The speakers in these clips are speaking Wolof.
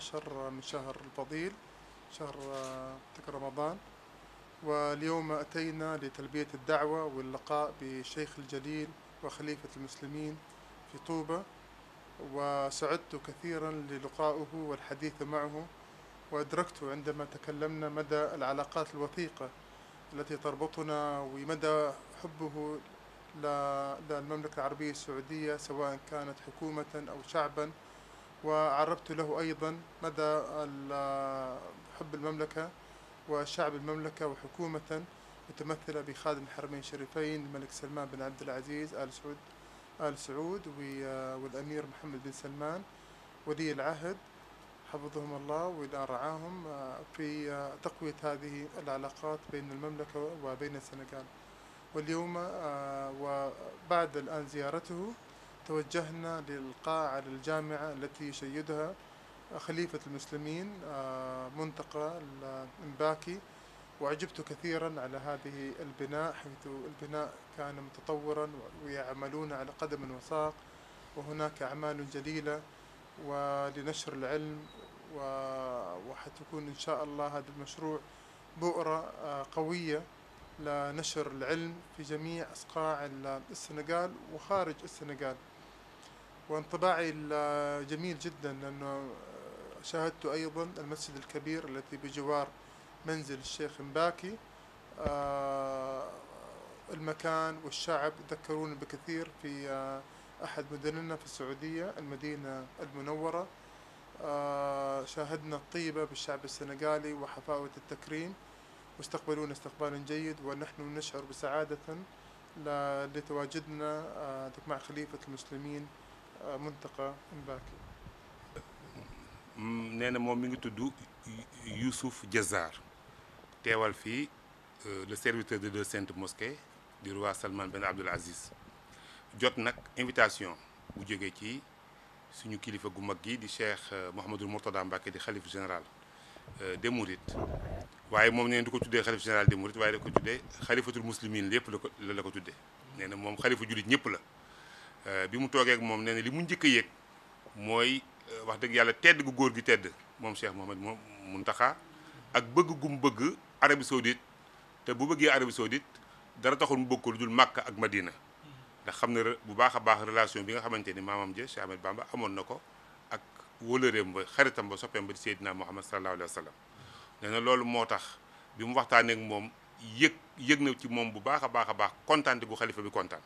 شهر من شهر الفضيل شهر رمضان واليوم أتينا لتلبية الدعوة واللقاء بالشيخ الجليل وخليفة المسلمين في طوبة وسعدت كثيرا للقائه والحديث معه وأدركت عندما تكلمنا مدى العلاقات الوثيقة التي تربطنا ومدى حبه للمملكة العربية السعودية سواء كانت حكومة أو شعبا وعربت له أيضا مدى حب المملكة وشعب المملكة وحكومة متمثلة بخادم الحرمين الشريفين الملك سلمان بن عبد العزيز آل سعود آل سعود والأمير محمد بن سلمان ولي العهد حفظهم الله وإلى رعاهم في تقوية هذه العلاقات بين المملكة وبين السنغال واليوم وبعد الآن زيارته توجهنا للقاعة للجامعة التي يشيدها خليفة المسلمين منطقة إمباكي وعجبت كثيرا على هذه البناء حيث البناء كان متطورا ويعملون على قدم وساق وهناك أعمال جليلة ولنشر العلم وحتكون إن شاء الله هذا المشروع بؤرة قوية لنشر العلم في جميع أصقاع السنغال وخارج السنغال وانطباعي الجميل جدا لأنه شاهدت أيضا المسجد الكبير الذي بجوار منزل الشيخ مباكي المكان والشعب ذكروني بكثير في أحد مدننا في السعودية المدينة المنورة شاهدنا الطيبة بالشعب السنغالي وحفاوة التكريم واستقبلونا استقبالا جيد ونحن نشعر بسعادة لتواجدنا مع خليفة المسلمين Muntaqa Mbacké mm, na moom mi ngi tudd Youssouf Diazar teewal fii euh, le serviteur de deux saintes mosquées du roi Salman Ben Abdul Aziz jot nag invitation bu jógee ci suñu kilifa gu mag gi di cheikh euh, Mouhamadul Mourtada Mbacké di xalif général euh, des Mourides waaye moom nee du ko tuddee xalif général des Mourides waaye da ko tuddee xalifatul muslimin lépp la ko la ko tuddee nee na moom xalifa jullit ñëpp la Euh, bi mu toogeek moom nee na li mu njëkk yéeg mooy euh, wax dëgg yàlla tedd gu góor gi tedd moom Cheikh Mouhamed moom Muntaxa ak bëgg gu bëgg Arabie Saoudite te bu bëggee Arabie Saoudite dara taxul mu bëgg ko lu dul Makka ak Madina ndax xam ne bu baax a baax relation bi nga xamante ni maamam ja Cheikh Ahmed Bamba amoon na ko ak wóolëreem ba xaritam ba soppeem ba di Seydina Muhammad sallallahu alayhi wa sallam na loolu moo tax bi mu waxtaaneek moom yëg yëg na ci moom bu baax a baax a baax kontaan gu xalifa bi kontaan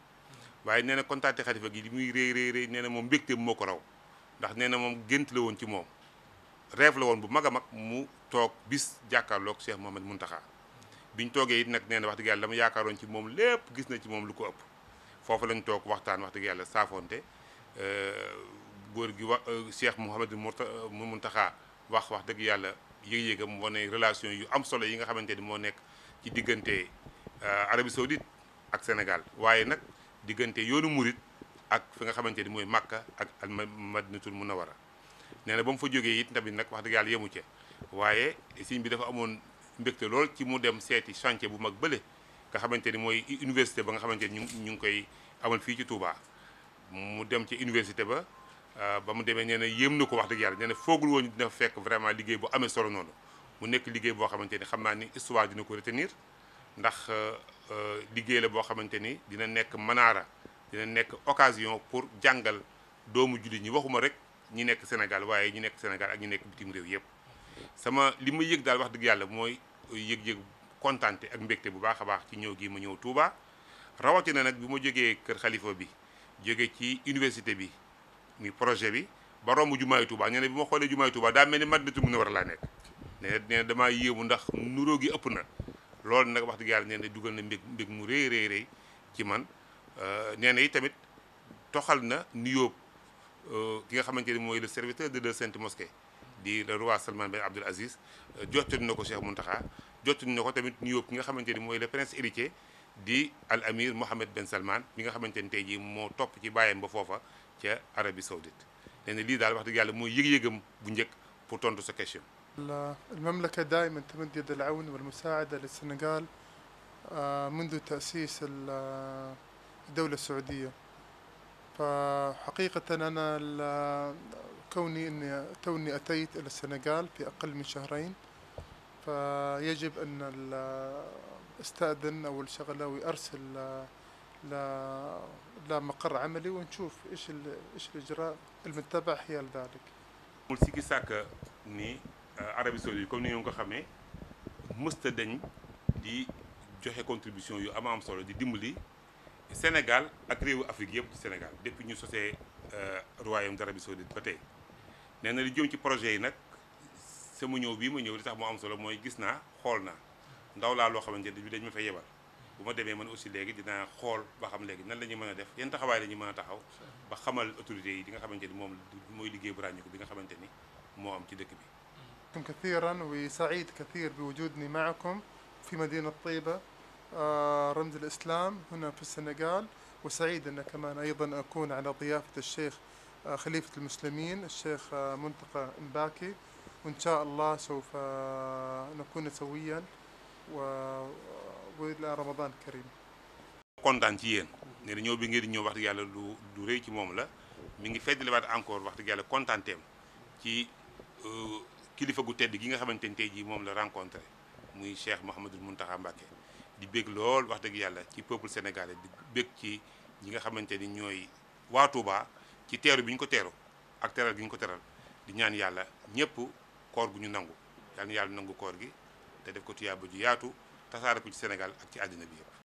waaye nee na contacté xalifa gi li muy réy réy réy nee na moom mbégteem moo ko raw ndax nee na moom gént la woon ci moom rêve la woon bu mag a mag mu toog bis jàkkaarloog Cheikh Mouhamed Mountakha biñ toogee it nag nee na wax dëgg yàlla dama yaakaaroon ci moom lépp gis na ci moom lu ko ëpp foofu lañu toog waxtaan wax dëgg yàlla saafonte euh, góor gi wax euh, Cheikh mun taxaa wax wax dëgg yàlla yëg-yëgam moo ne relation yu am solo yi nga xamante ni moo nekk ci diggante euh, Arabie Saoudite ak Sénégal diggante yoonu murit ak fi nga xamante ni mooy Makka ak al madinatul munawara nee na ba mu fa jógee it tamit nag wax dëgg yàlla yemu ca waaye sëñ bi dafa amoon mbégte lool ci mu dem seeti chantier bu mag bële nga xamante ni mooy université ba nga xamante ni ñu ñu ngi koy amal fii ci Touba mu dem ci université ba euh, ba mu demee nee na yéem na ko wax dëgg yàlla nee na foogul woon dina fekk vraiment liggéey bu amee solo noonu mu nekk liggéey boo xamante ni xam naa ni histoire dina ko retenir ndax euh, Euh, liggéey la boo xamante ni dina nekk manaara dina nekk occasion pour jàngal doomu jullit ñi waxuma rek ñi nekk Sénégal waaye ñi nekk Sénégal ak ñi nekk bitim réew yëpp sama li ma yëg daal wax dëgg yàlla mooy yëg-yëg kontante ak mbégte bu baax a baax ci ñëw gi ma ñëw Touba rawatina nag bi ma jógee kër xalifa bi jóge ci université bi muy projet bi ba romb jumaayu Touba nee na bi ma xoolee jumaayu Touba daa mel ni Madinatu Munawwara laa nekk nee na damaa yéemu ndax nuróo gi ëpp na loolu nag wax dëgg yàlla nee na dugal na mbég mbég mu rëy rëy rëy ci man euh, nee na yi tamit toxal na nuyoo euh, ki nga xamante ni mooy le serviteur de de Sainte Mosquée di le roi Salman Ben Abdul Aziz euh, jottali na ko Cheikh Mountakha jottali na ko tamit nuyoo ki nga xamante ni mooy le prince héritier di al amir Mohammed Ben Salman bi nga xamante ni tey jii moo topp ci bàyyam ba foofa ca Arabie Saoudite nee na lii daal wax dëgg yàlla mooy yëg-yëgam bu njëkk pour tontu sa question. المملكة دائما تمد يد العون والمساعدة للسنغال منذ تأسيس الدولة السعودية فحقيقة أنا كوني أني توني أتيت إلى السنغال في أقل من شهرين فيجب أن استأذن أول شغلة وأرسل لا لا مقر عملي ونشوف إيش إيش الإجراء المتبع حيال ذلك. مول سيكي ساكا ني Euh, Arabie Saoudite comme ni ngeen ko xamee mësta deñ di joxe contribution yu am am solo di dimbali Sénégal ak réewu Afrique yëpp Sénégal dépp ñu sosee euh, royaume d'Arabie Saoudite ba tey nee na li jëm ci projet yi nag sama ñëw bii ma ñëw li tax moo am solo mooy gis naa xool naa ndaw laa loo xamante ne bi dañ ma fay yebal bu ma demee man aussi léegi dinaa xool ba xam léegi nan la ñuy mën a def yan taxawaay la ñuy mën a taxaw ba xamal autorité yi di nga xamante ni moom mooy liggéey bu ràññiku bi nga xamante ni moo am ci dëkk bi شكرا كثيرا وسعيد كثير بوجودني معكم في مدينة طيبة رمز الإسلام هنا في السنغال وسعيد أن كمان أيضا أكون على ضيافة الشيخ خليفة المسلمين الشيخ منتقى مباكي وإن شاء الله سوف نكون سويا وإلى رمضان كريم kontaan ci yéen nee na ñëw bi ngeen ñëw wax dëgg yàlla lu lu rëy ci moom la mi ngi feddaliwaat encore wax dëgg yàlla kontaanteem ci kilifa gu tedd gi nga xamante ni tey jii moom la rencontré muy Cheikh mun Mountakha Mbacké di bég lool wax dëgg yàlla ci peuple sénégalais di bég ci ñi nga xamante ni ñooy waatubaa ci teeru bi ñu ko teeru ak teral gi ñu ko teral di ñaan yàlla ñëpp koor gu ñu nangu yàlla na yàlla nangu koor gi te def ko tuyaaba ju yaatu tasaare ko ci Sénégal ak ci àddina bi yëpp